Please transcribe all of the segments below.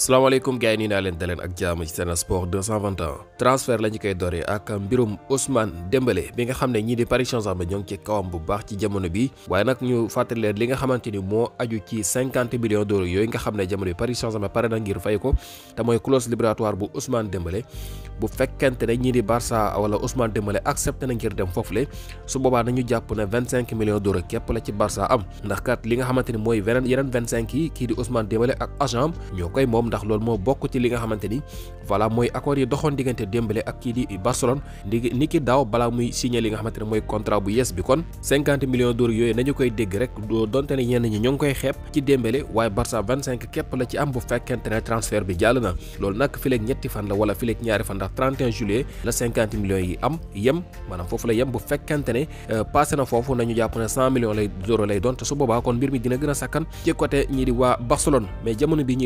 salaamaaleykum gars yi nii naa leen daleen ak jaamu ci Sen Sport 221 transfert ñu koy doree ak mbirum Ousmane Dembélé bi nga xam ne ñii di Paris Saint-Germain ñoo ngi ci kawam bu baax ci jamono bi waaye nag ñu fàttali leen li nga xamante ni moo aju ci 50 millions d'euros yooyu nga xam ne jamono bi Paris Saint-Germain pare na ngir fay ko te mooy clause libératoire bu Ousmane Dembélé bu ne ñii di Barça wala Ousmane Dembélé accepté na ngir dem foofule su boobaa nañu jàpp ne 25 millions d'euros képp la ci Barça am ndax kat li nga xamante ni mooy yeneen 25 yi kii di Ousmane Dembélé ak agent ñoo koy moom ndax loolu moo bokk ci li nga xamante ni voilà mooy accord yi doxoon diggante Dembélé ak kii di Barcelone niki ni ki daaw balaa muy signé li nga contrat bu bi kon 50 millions d'euros yooyu nañu koy dégg rek donte ne ñenn ñi ñoo ngi koy xeeb ci Dembélé waaye Barça 25 képp la ci am bu fekkente ne transfert bi jàll na loolu nag ñetti fan la wala fileeg ñaari fan ndax 31 juillet la 50 millions yi am yem maanaam foofu la yem bu fekkente ne euh, passé na foofu nañu jàpp ne 100 millions lay d'euros lay doon te su boobaa kon mbir mi dina gën a sakkan ci côté ñi di waa Barcelone mais jamono bi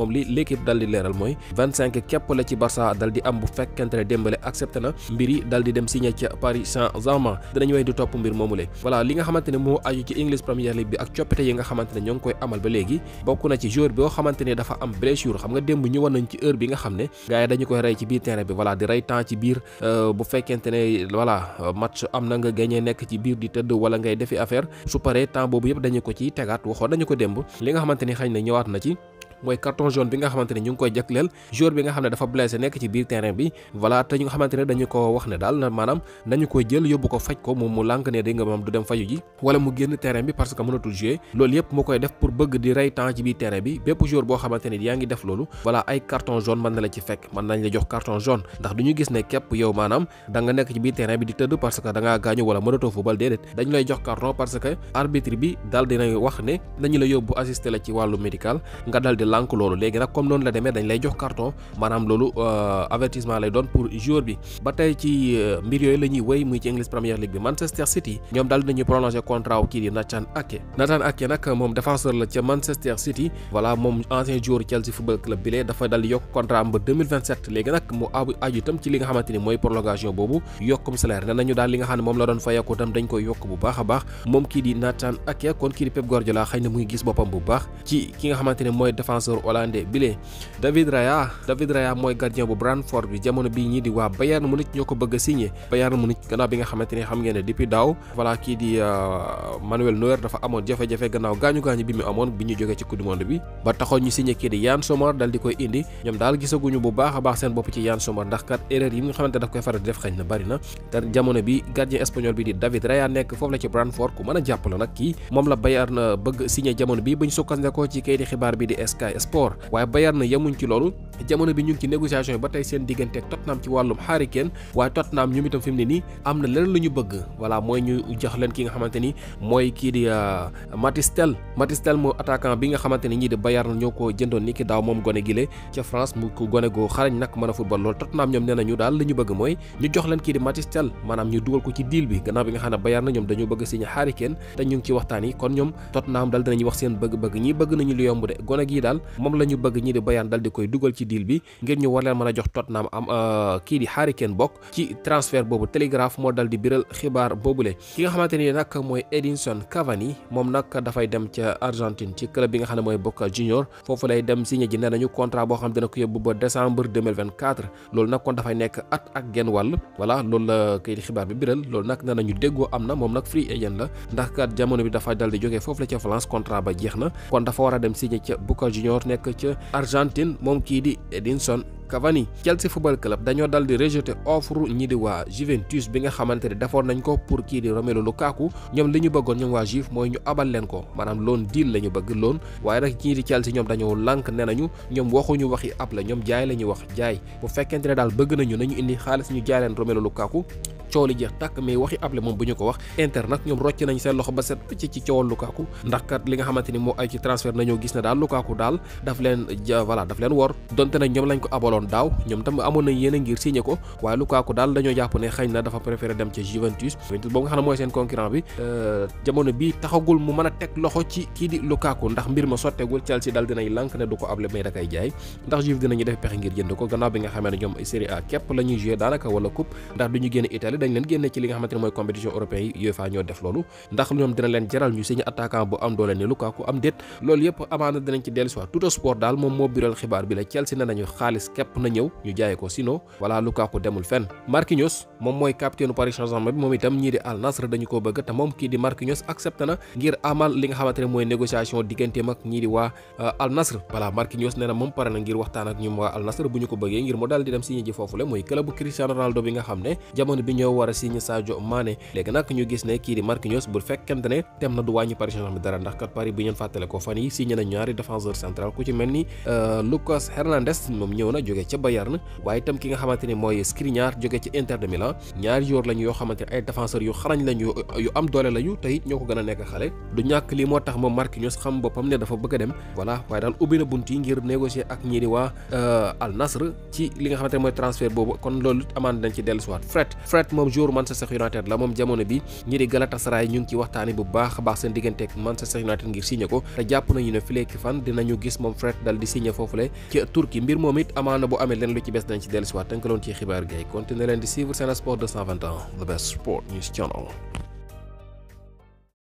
moom li l'équipe dal di leeral mooy vingt cinq képp la ci Barça dal di am bu fekkente ne Dembélé accepté na mbir yi dal di dem signé ca Paris Saint-Germain dinañ wey di topp mbir moomu le li nga xamante ne moo aju ci English Premier League bi ak coppite yi nga xamante ne ñoo ngi koy amal ba léegi bokk na ci joueur boo xamante ne dafa am blessure xam nga démb ñëwoon nañ ci heure bi nga xam ne gars yi dañu koy rey ci biir terrain bi voilà di rey temps ci biir euh, bu fekkente ne voilà match am na nga gagné nekk ci biir di tëdd wala ngay defi affaire su paree boobu yëpp dañu ko ciy tegaat waxoon dañu ko démb li nga xamante ni xëy na ñëwaat na ci mooy carton jaune bi nga xamante ne ñu ngi koy jagleel joueur bi nga xam ne dafa blessé nekk ci biir terrain bi voilà te ñu nga dañu ko wax ne daal na maanaam nañu koy jël yóbbu ko faj ko mu lànk ne di nga maam du dem faju ji wala mu génn terrain bi parce que mënatul jouer loolu yëpp mu koy def pour bëgg di rey temps ci biir terrain bi bépp joueur boo xamante ne yaa ngi def loolu voilà ay carton jaune mën na la ci fekk mën nañ la jox carton jaune ndax du ñu gis ne képp yow maanaam da nga nekk ci biir terrain bi di bi daal dinañ wax ne dañu la yóbbu la ci wàllu médical lànk léegi nag comme noonu la demee dañ lay jox carton maanaam loolu euh, avertissement lay doon pour joueur bi ba tey ci euh, mbir yooyu la ñuy wéy ci English Premier League bi Manchester City ñoom daal dinañu prolongé contrat kii di Nathan Ake Nathan Ake nag moom défenseur moom ancien joueur Chelsea yokk itam dañ koy yokk bu baax a baax moom kii di Nathan Ake kon kii di Pep Guardiola xëy na mu ngi gis boppam bu baax ci ki nga xamante mooy défenseur hollandais bile David Raya David Raya mooy gardien bu Brentford bi jamono bii ñi di waa Bayern Munich ñoo ko bëgg a signé Bayern Munich gannaaw bi nga xamante ya, ni xam ngeen depuis ya, daaw voilà kii di uh, Manuel noer dafa amoon jafe-jafe gannaaw gaañu gaañu bi mu amoon bi ñu jógee ci coupe du monde bi ba taxoon ñu signé kii di Yann Sommer dal di koy indi ñoom daal gisaguñu bu baax a baax seen bopp ci Yann Sommer ndax kat erreur yi nga xamante daf koy faral def xëy na bari na tar jamono bi gardien espagnol bi di David Raya nekk foofu la ci Brentford ku mën a jàpp la nag kii moom la Bayern uh, bëgg signé jamono bi buñ sukkandikoo ci kayiti xibaar bi di Sky média sport waaye Bayern na yemuñ ci loolu jamono bi ñu ngi ci négociation yi ba tey seen diggante ak Tottenham ci wàllum Harry Kane waaye Tottenham ñoom itam fi mu ne nii am na leneen lu ñu bëgg voilà mooy ñu jox leen ki nga xamante ni mooy di euh, Mathys Tel Mathys attaquant bi nga xamante ni di Bayern ñoo ko jëndoon ni ki daaw moom gone gile ca France mu ko gone go xarañ nag mën football lool Tottenham ñoom nee nañu daal li ñu bëgg mooy ñu jox leen kii di Mathys Tel maanaam ñu dugal ko ci deal bi gannaaw bi nga xam ne Bayern ñoom dañoo bëgg signé Harry Kane te ñu ci waxtaan kon ñoom Tottenham daal dinañu wax seen bëgg-bëgg ñi bëgg nañu lu yomb de gone gii daal Sénégal moom la ñu bëgg ñi di Bayern dal di koy dugal ci deal bi ngir ñu war leen mën a jox Tottenham am euh, moom nag dafay dem ca Argentine ci bi nga xam ne mooy Boca Junior foofu lay dem signé ji nee nañu boo xam dina ko yóbbu ba décembre 2024 loolu nag kon dafay nekk at ak genn wàll voilà loolu la kii di xibaar bi biral loolu nag nee moom nag free agent la ndax kat jamono bi dafa dal di foofu la ca France contrat ba jeex na kon dafa war a dem signé ca Boca Junior junior nekk ca Argentine moom kii di Edinson Cavani Chelsea football club dañoo dal di rejeté offre ñi di waa Juventus bi nga xamante ne defoon nañ ko pour kii di lu Lukaku ñoom li ñu bëggoon ñoom waa Juve mooy ñu abal leen ko maanaam loan deal la bëgg loon waaye nag ñii di Chelsea ñoom dañoo lànk ne nañu ñoom waxuñu waxi ab la ñoom jaay la ñuy wax jaay bu fekkente ne daal bëgg nañu nañu indi xaalis ñu jaay leen Romelu Lukaku coow li jeex tàkk mais waxi Appelé moom bu ñu ko wax Inter nag ñoom rocc nañ seen loxo ba set picc ci coowal Lukaku ndax kat li nga xamante ni moo ay ci transfert nañoo jàpp ne na dafa préféré euh, a teg loxo ci kii di Lukaku du ko Appelé mais da jaay ndax Juve dinañu def pexe ngir jënd ko gannaaw bi nga xamee ne ñoom Serie A képp la ñuy daanaka wala coupe ndax duñu génn Italie dañ leen génne ci li nga xamante compétition européen UEFA ñoo def loolu ndax ñoom dina leen jaral ñu signé attaquant bu am doole ni Lukaku am déet loolu yépp amaana dinañ ci dellusi tout sport dalam moom moo biral xibaar bi la Chelsea na nañu xaalis kep na ñëw ñu jaaye ko sino wala Lukaku demul fenn Marquinhos moom mooy capitaine Paris Saint-Germain bi itam di Al Nassr dañu ko bëgg te moom kii di Marquinhos accepté na ngir amal li nga xamante ne mooy négociation digganteem di euh, Al Nassr voilà Marquinhos nee na moom pare na ngir waxtaan ak ñum Al Nassr bu ñu ko bëggee ngir mu daal di dem signé ji foofu le mooy club Cristiano Ronaldo bi nga xam jamono bi ñoo war a signé Sadio Mané léegi nag ñu gis ne kii di bu fekkente ne dem na du wàññi Paris Saint-Germain dara ndax kat Paris bu ñeen fàttale ko fan yi signé na ñaari défenseur central ku ci mel ni euh, Lucas Hernandez moom ñëw na jóge ca Bayern waaye itam ki nga xamante ni mooy Skriniar jóge ci Inter de Milan ñaari joor lañu yoo xamante ne ay défenseurs yu xarañ lañu yu am doole lañu te it ñoo ko gën a nekk xale du ñàkk lii moo tax moom Marquinhos xam boppam ne dafa bëgg a dem voilà waaye daal ubbi yi ngir négocier ak ñii di euh, li nga xamante ne mooy boobu kon loolu amaan dañ ci dellusiwaat Fred moom jour Manchester United la moom jamono bi ñi di Galatasaray ñu ngi ci waxtaane bu baax a baax seen diggante ak Manchester United ngir signé ko te jàpp nañu ne fileeki fan dinañu gis moom Fred dal di signé foofule ci Turquie mbir moom it amaana bu amee leen lu ci bes dañ ci dellusiwaat tënkaloon ci xibaar gay continuer leen di suivre Sen Sport the best sport news channel